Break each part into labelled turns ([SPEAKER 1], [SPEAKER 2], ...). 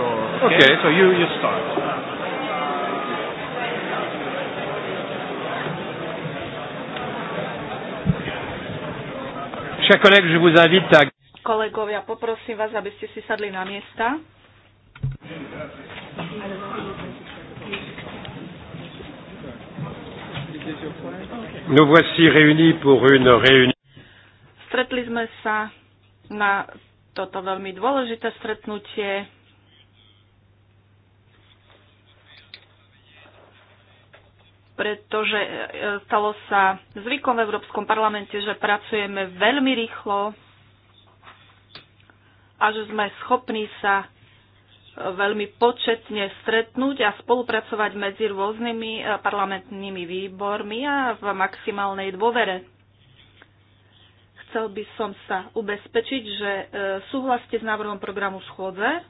[SPEAKER 1] or okay, okay so you you start. Chers je vous invite à
[SPEAKER 2] Kolegovia, poprosím vás, aby ste si sadli na miesta.
[SPEAKER 1] Nous voici réunis pour une réunion.
[SPEAKER 2] Stretli sme sa na toto veľmi dôležité stretnutie pretože e, stalo sa zvykom v Európskom parlamente, že pracujeme veľmi rýchlo a že sme schopní sa e, veľmi početne stretnúť a spolupracovať medzi rôznymi e, parlamentnými výbormi a v maximálnej dôvere. Chcel by som sa ubezpečiť, že súhlaste s návrhom programu schôdze.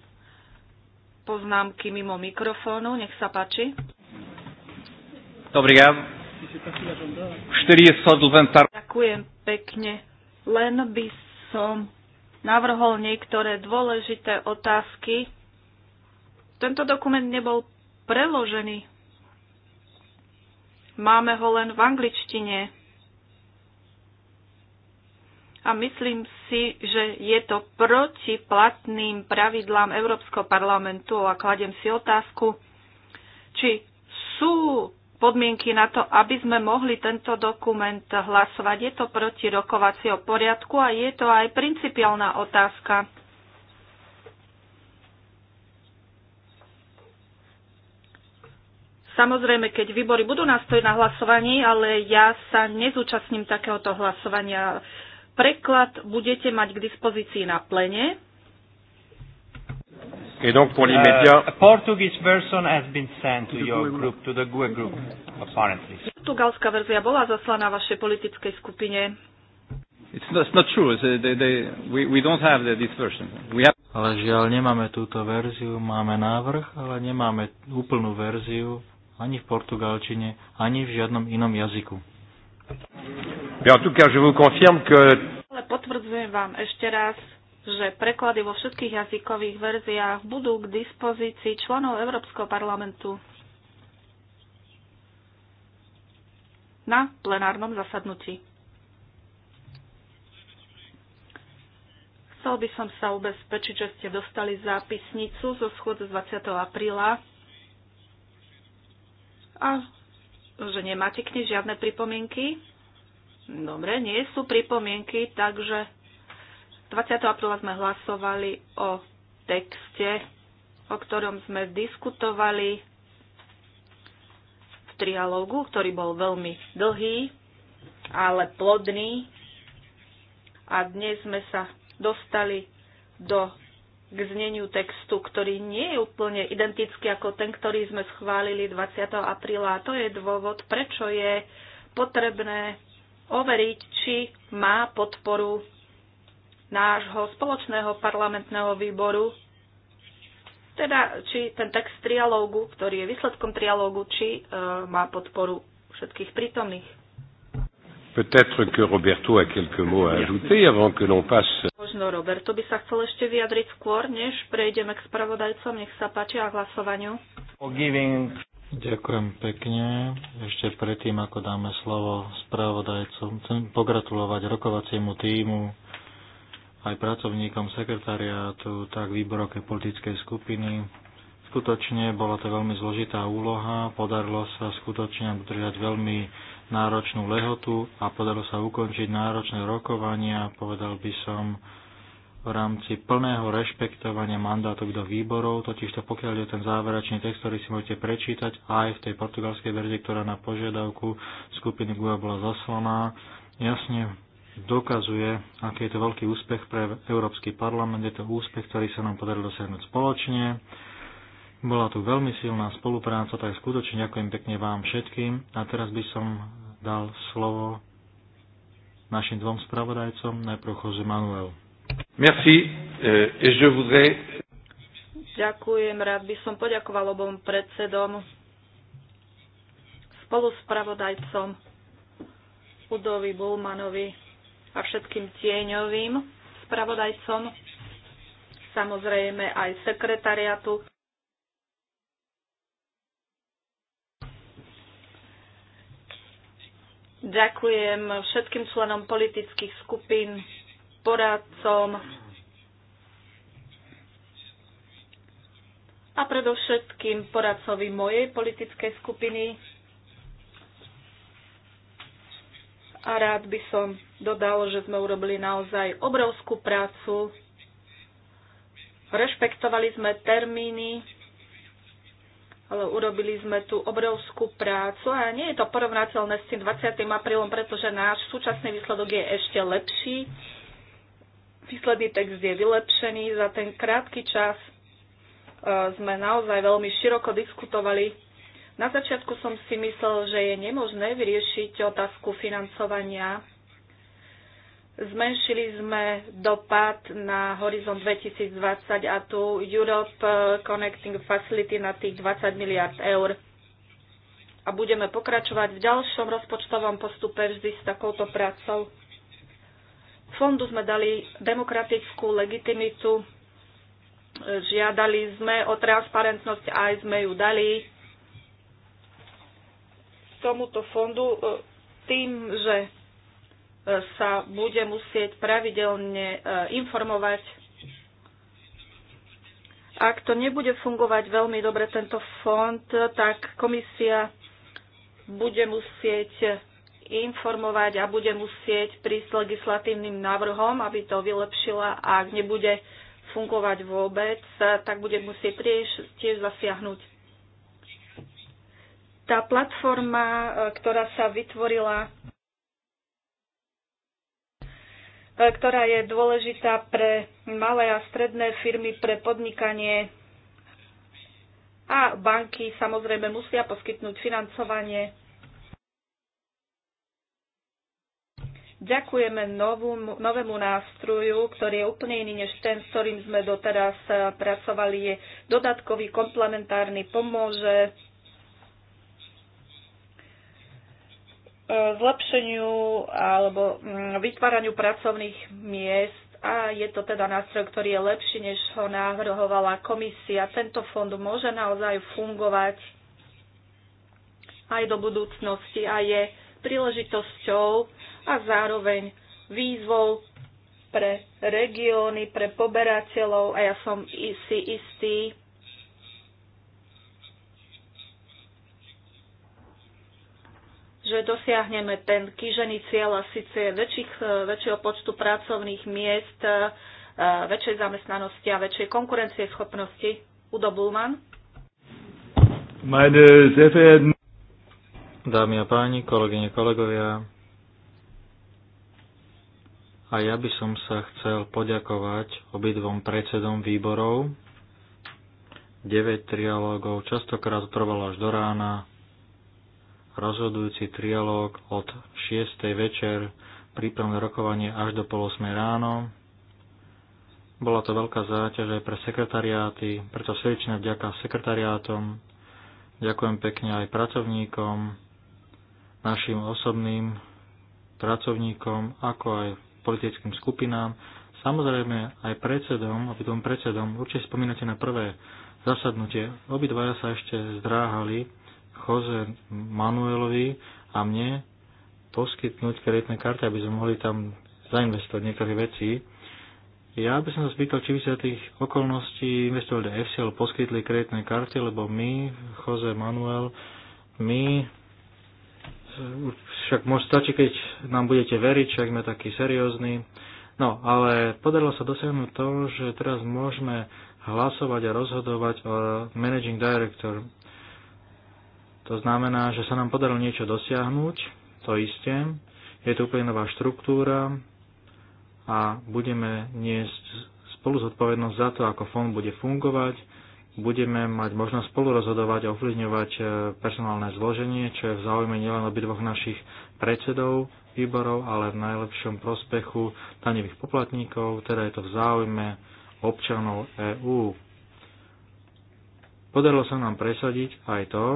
[SPEAKER 2] Poznámky mimo mikrofónu, nech sa páči. Muito Gostaria
[SPEAKER 1] só de levantar...
[SPEAKER 2] Ďakujem pekne. Len by som navrhol niektoré dôležité otázky. Tento dokument nebol preložený. Máme ho len v angličtine. A myslím si, že je to proti platným pravidlám Európskeho parlamentu a kladem si otázku, či sú podmienky na to, aby sme mohli tento dokument hlasovať. Je to proti rokovacieho poriadku a je to aj principiálna otázka. Samozrejme, keď výbory budú nastojiť na hlasovaní, ale ja sa nezúčastním takéhoto hlasovania. Preklad budete mať k dispozícii na plene.
[SPEAKER 1] Et donc pour uh, l'immédiat. Uh, a Portuguese version has been sent to your group, to the GUE group, apparently.
[SPEAKER 2] Portugalská verzia bola zaslaná vašej politickej skupine.
[SPEAKER 1] It's not, it's not true. It's, uh, they, they, we, we don't have the, this version. We have... Ale žiaľ, nemáme túto verziu, máme návrh, ale nemáme úplnú verziu ani v portugalčine, ani v žiadnom inom jazyku. Ja tu, ja cas, je vous
[SPEAKER 2] Ale potvrdzujem vám ešte raz, že preklady vo všetkých jazykových verziách budú k dispozícii členov Európskeho parlamentu na plenárnom zasadnutí. Chcel by som sa ubezpečiť, že ste dostali zápisnicu zo schôdze 20. apríla a že nemáte k nej žiadne pripomienky. Dobre, nie sú pripomienky, takže 20. apríla sme hlasovali o texte, o ktorom sme diskutovali v trialógu, ktorý bol veľmi dlhý, ale plodný. A dnes sme sa dostali do k zneniu textu, ktorý nie je úplne identický ako ten, ktorý sme schválili 20. apríla. A to je dôvod, prečo je potrebné overiť, či má podporu nášho spoločného parlamentného výboru, teda či ten text trialógu, ktorý je výsledkom trialógu, či e, má podporu všetkých prítomných. Peut-être que Roberto a
[SPEAKER 1] quelques mots à ajouter avant que l'on passe.
[SPEAKER 2] Možno Roberto by sa chcel ešte vyjadriť skôr, než prejdeme k spravodajcom. Nech sa páči a hlasovaniu.
[SPEAKER 1] Ďakujem pekne. Ešte predtým, ako dáme slovo spravodajcom, chcem pogratulovať rokovaciemu týmu aj pracovníkom sekretariátu, tak výborov politickej skupiny. Skutočne bola to veľmi zložitá úloha, podarilo sa skutočne udržať veľmi náročnú lehotu a podarilo sa ukončiť náročné rokovania, povedal by som, v rámci plného rešpektovania mandátov do výborov, totižto pokiaľ je ten záverečný text, ktorý si môžete prečítať aj v tej portugalskej verzii, ktorá na požiadavku skupiny GUA e bola zaslaná, jasne dokazuje, aký je to veľký úspech pre Európsky parlament. Je to úspech, ktorý sa nám podarilo dosiahnuť spoločne. Bola tu veľmi silná spolupráca, tak skutočne ďakujem pekne vám všetkým. A teraz by som dal slovo našim dvom spravodajcom, najprv Jose Manuel. Merci.
[SPEAKER 2] Euh, et je voudrais... Ďakujem, rád by som poďakoval obom predsedom, spoluspravodajcom Udovi Bulmanovi a všetkým tieňovým spravodajcom, samozrejme aj sekretariatu. Ďakujem všetkým členom politických skupín, poradcom a predovšetkým poradcovi mojej politickej skupiny, A rád by som dodal, že sme urobili naozaj obrovskú prácu. Rešpektovali sme termíny, ale urobili sme tú obrovskú prácu a nie je to porovnateľné s tým 20. aprílom, pretože náš súčasný výsledok je ešte lepší. Výsledný text je vylepšený. Za ten krátky čas e, sme naozaj veľmi široko diskutovali na začiatku som si myslel, že je nemožné vyriešiť otázku financovania. Zmenšili sme dopad na horizont 2020 a tu Europe Connecting Facility na tých 20 miliard eur a budeme pokračovať v ďalšom rozpočtovom postupe vždy s takouto prácou. Fondu sme dali demokratickú legitimitu, žiadali sme o transparentnosť a aj sme ju dali tomuto fondu e, tým, že e, sa bude musieť pravidelne e, informovať. Ak to nebude fungovať veľmi dobre tento fond, tak komisia bude musieť informovať a bude musieť prísť legislatívnym návrhom, aby to vylepšila a ak nebude fungovať vôbec, tak bude musieť tiež, tiež zasiahnuť. Tá platforma, e, ktorá sa vytvorila, e, ktorá je dôležitá pre malé a stredné firmy, pre podnikanie a banky samozrejme musia poskytnúť financovanie. Ďakujeme novému nástroju, ktorý je úplne iný než ten, s ktorým sme doteraz e, pracovali. Je dodatkový, komplementárny, pomôže E, zlepšeniu alebo mm, vytváraniu pracovných miest a je to teda nástroj, ktorý je lepší, než ho navrhovala komisia. Tento fond môže naozaj fungovať aj do budúcnosti a je príležitosťou a zároveň výzvou pre regióny, pre poberateľov a ja som si istý, že dosiahneme ten kýžený cieľ a síce väčších, e, väčšieho počtu pracovných miest, e, e, väčšej zamestnanosti a väčšej schopnosti. Udo Bulman.
[SPEAKER 1] Meine sehr verehrten Dámy a páni, kolegyne, kolegovia, a ja by som sa chcel poďakovať obidvom predsedom výborov. 9 trialógov častokrát trvalo až do rána, rozhodujúci trialóg od 6. večer, prípravné rokovanie až do pol 8. ráno. Bola to veľká záťaž aj pre sekretariáty, preto srdečne vďaka sekretariátom. Ďakujem pekne aj pracovníkom, našim osobným pracovníkom, ako aj politickým skupinám, samozrejme aj predsedom, obidvom predsedom. Určite spomínate na prvé zasadnutie. Obidvaja sa ešte zdráhali, Jose Manuelovi a mne poskytnúť kreditné karty, aby sme mohli tam zainvestovať niektoré veci. Ja by som sa spýtal, či by sa tých okolností investovali do FCL, poskytli kreditné karty, lebo my, Jose Manuel, my však môžete stačiť, keď nám budete veriť, však sme takí seriózni. No, ale podarilo sa dosiahnuť to, že teraz môžeme hlasovať a rozhodovať o Managing Director to znamená, že sa nám podarilo niečo dosiahnuť, to isté. Je to úplne nová štruktúra a budeme niesť spolu zodpovednosť za to, ako fond bude fungovať. Budeme mať možnosť spolu rozhodovať a ovplyvňovať e, personálne zloženie, čo je v záujme nielen obidvoch našich predsedov výborov, ale v najlepšom prospechu daňových poplatníkov, teda je to v záujme občanov EÚ. Podarilo sa nám presadiť aj to,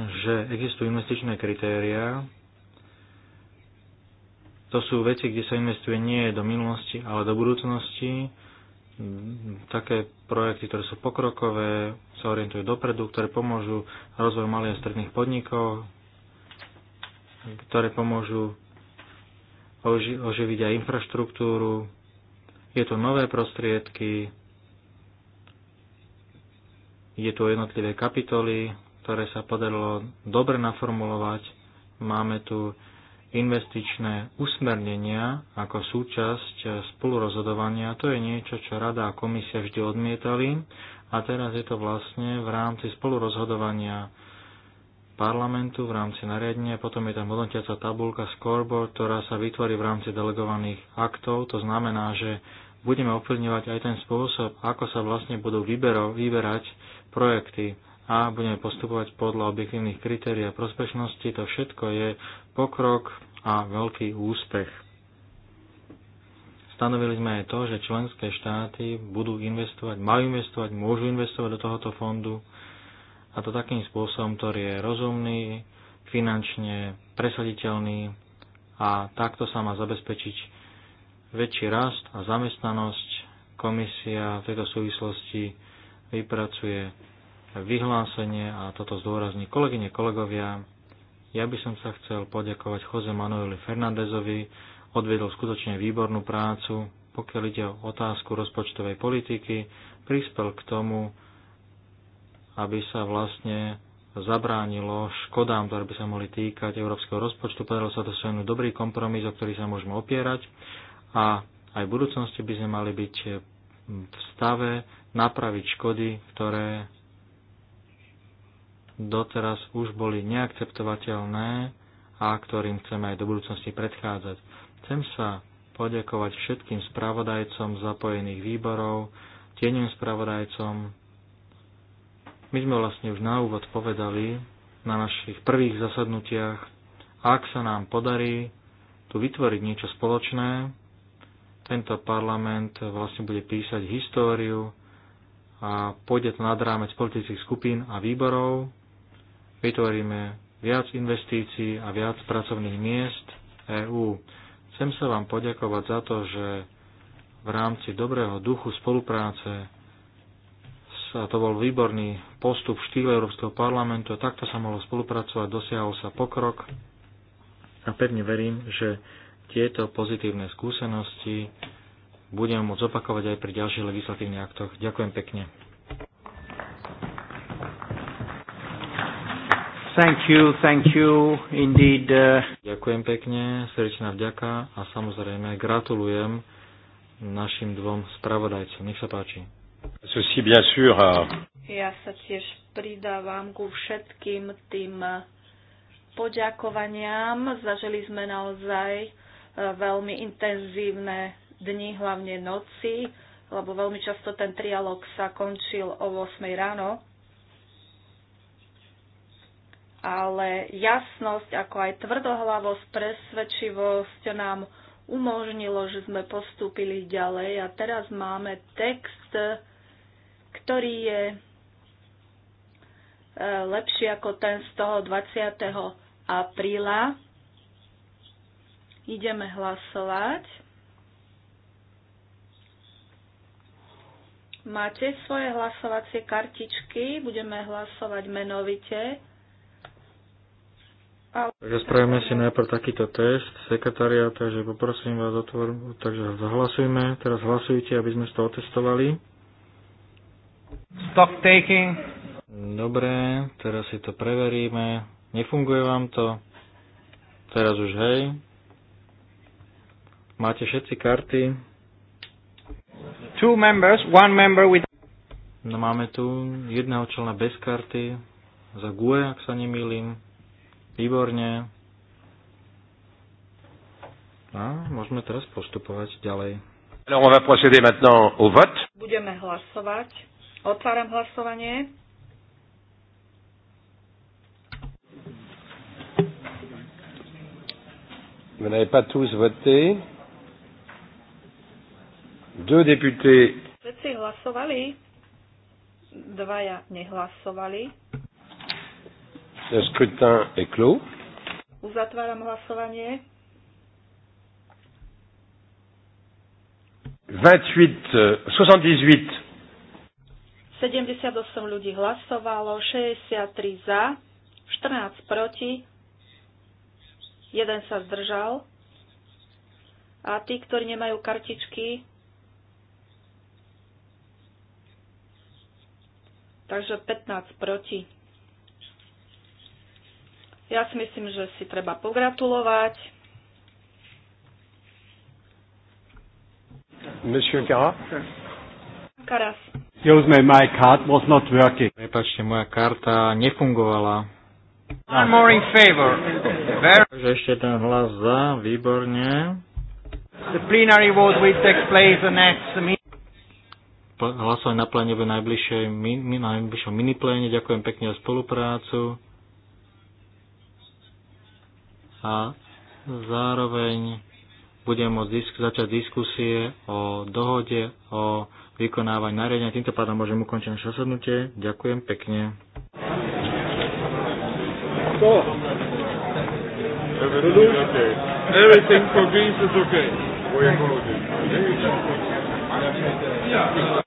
[SPEAKER 1] že existujú investičné kritériá. To sú veci, kde sa investuje nie do minulosti, ale do budúcnosti. Také projekty, ktoré sú pokrokové, sa orientujú dopredu, ktoré pomôžu rozvoju malých a stredných podnikov, ktoré pomôžu oživiť aj infraštruktúru. Je to nové prostriedky, je tu jednotlivé kapitoly, ktoré sa podarilo dobre naformulovať. Máme tu investičné usmernenia ako súčasť spolurozhodovania. To je niečo, čo Rada a Komisia vždy odmietali a teraz je to vlastne v rámci spolurozhodovania parlamentu v rámci nariadenia, potom je tam hodnotiaca tabulka scoreboard, ktorá sa vytvorí v rámci delegovaných aktov. To znamená, že budeme ovplyvňovať aj ten spôsob, ako sa vlastne budú vybero, vyberať projekty a budeme postupovať podľa objektívnych kritérií a prospešnosti. To všetko je pokrok a veľký úspech. Stanovili sme aj to, že členské štáty budú investovať, majú investovať, môžu investovať do tohoto fondu a to takým spôsobom, ktorý je rozumný, finančne presaditeľný a takto sa má zabezpečiť väčší rast a zamestnanosť. Komisia v tejto súvislosti vypracuje vyhlásenie a toto zdôrazní kolegyne, kolegovia. Ja by som sa chcel poďakovať Jose Manueli Fernandezovi, odvedol skutočne výbornú prácu, pokiaľ ide o otázku rozpočtovej politiky, prispel k tomu, aby sa vlastne zabránilo škodám, ktoré by sa mohli týkať európskeho rozpočtu. Podarilo sa to dosiahnuť dobrý kompromis, o ktorý sa môžeme opierať a aj v budúcnosti by sme mali byť v stave napraviť škody, ktoré doteraz už boli neakceptovateľné a ktorým chceme aj do budúcnosti predchádzať. Chcem sa poďakovať všetkým spravodajcom zapojených výborov, tieňovým spravodajcom. My sme vlastne už na úvod povedali na našich prvých zasadnutiach, ak sa nám podarí tu vytvoriť niečo spoločné, tento parlament vlastne bude písať históriu a pôjde to nad rámec politických skupín a výborov vytvoríme viac investícií a viac pracovných miest EÚ. Chcem sa vám poďakovať za to, že v rámci dobrého duchu spolupráce sa to bol výborný postup v štýle Európskeho parlamentu a takto sa mohlo spolupracovať, dosiahol sa pokrok a pevne verím, že tieto pozitívne skúsenosti budem môcť opakovať aj pri ďalších legislatívnych aktoch. Ďakujem pekne. Thank you, thank you, indeed. Uh, Ďakujem pekne, srdečná vďaka a samozrejme gratulujem našim dvom spravodajcom. Nech sa páči. Ceci bien sûr. Euh,
[SPEAKER 2] ja sa tiež pridávam ku všetkým tým uh, poďakovaniam. Zažili sme naozaj uh, veľmi intenzívne dni, hlavne noci, lebo veľmi často ten trialog sa končil o 8 ráno ale jasnosť, ako aj tvrdohlavosť, presvedčivosť nám umožnilo, že sme postúpili ďalej a teraz máme text, ktorý je e, lepší ako ten z toho 20. apríla. Ideme hlasovať. Máte svoje hlasovacie kartičky, budeme hlasovať menovite.
[SPEAKER 1] Takže spravíme si najprv takýto test sekretária, takže poprosím vás otvor, takže zahlasujme, teraz hlasujte, aby sme to otestovali. Stop taking. Dobre, teraz si to preveríme. Nefunguje vám to? Teraz už hej. Máte všetci karty? Two members, one member with... No máme tu jedného člena bez karty, za GUE, ak sa nemýlim. Výborne. A no, môžeme teraz postupovať ďalej.
[SPEAKER 2] Budeme hlasovať. Otváram hlasovanie.
[SPEAKER 1] Vous n'avez pas tous voté. Deux députés.
[SPEAKER 2] Všetci hlasovali. Dvaja nehlasovali. Le scrutin est clos. Uzatváram hlasovanie.
[SPEAKER 1] 28, 78.
[SPEAKER 2] 78 ľudí hlasovalo, 63 za, 14 proti, 1 sa zdržal. A tí, ktorí nemajú kartičky, takže 15 proti. Ja si myslím, že si treba pogratulovať. Monsieur Karas. Karas.
[SPEAKER 1] Excuse me, my card was not working. Prepačte, moja karta nefungovala.
[SPEAKER 2] Ah. I'm more in favor.
[SPEAKER 1] Takže ešte ten hlas za, výborne.
[SPEAKER 2] The plenary vote will take place the next
[SPEAKER 1] Hlasovanie na pléne v najbližšom minipléne. Ďakujem pekne za spoluprácu a zároveň budem môcť disk- začať diskusie o dohode o vykonávaní nariadenia. Týmto pádom môžem ukončiť naše rozhodnutie. Ďakujem pekne. So, everything, okay. everything for Greece is okay. We apologize. Yeah.